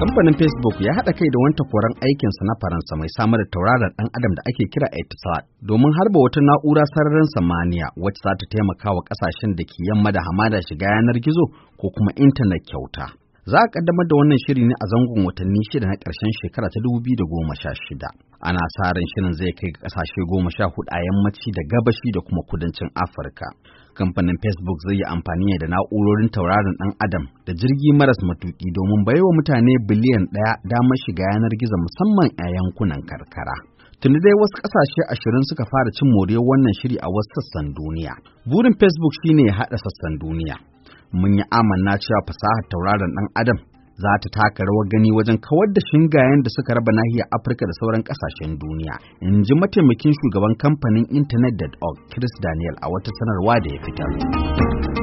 Kamfanin Facebook ya haɗa kai da wanta koran aikinsa na Faransa mai samar da tauraron ɗan adam da ake kira Etisalat domin harba wata na'ura sararin samaniya wacce za ta taimaka wa ƙasashen da ke yamma da hamada shiga yanar gizo ko kuma intanet kyauta. Za a kaddamar da wannan shiri ne a zangon watanni shida na ƙarshen shekara ta dubu biyu da goma sha shida. Ana sa ran shirin zai kai ga ƙasashe goma sha hudu a yammaci da gabashi da kuma kudancin Afirka. Kamfanin Facebook zai yi amfani da na'urorin tauraron ɗan Adam da jirgi maras matuki, domin bai wa mutane biliyan ɗaya damar shiga yanar gizo musamman a yankunan karkara. tuni dai wasu ƙasashe ashirin suka fara cin moriyar wannan shiri a wasu sassan duniya. Burin Facebook shine ya haɗa sassan duniya. mun yi amanna cewa fasahar tauraron ɗan adam za ta taka rawar gani wajen kawar da shingayen da suka raba nahiyar Afirka da sauran ƙasashen duniya, in ji mataimakin shugaban kamfanin intanet.org Chris Daniel a wata sanarwa da ya fitar.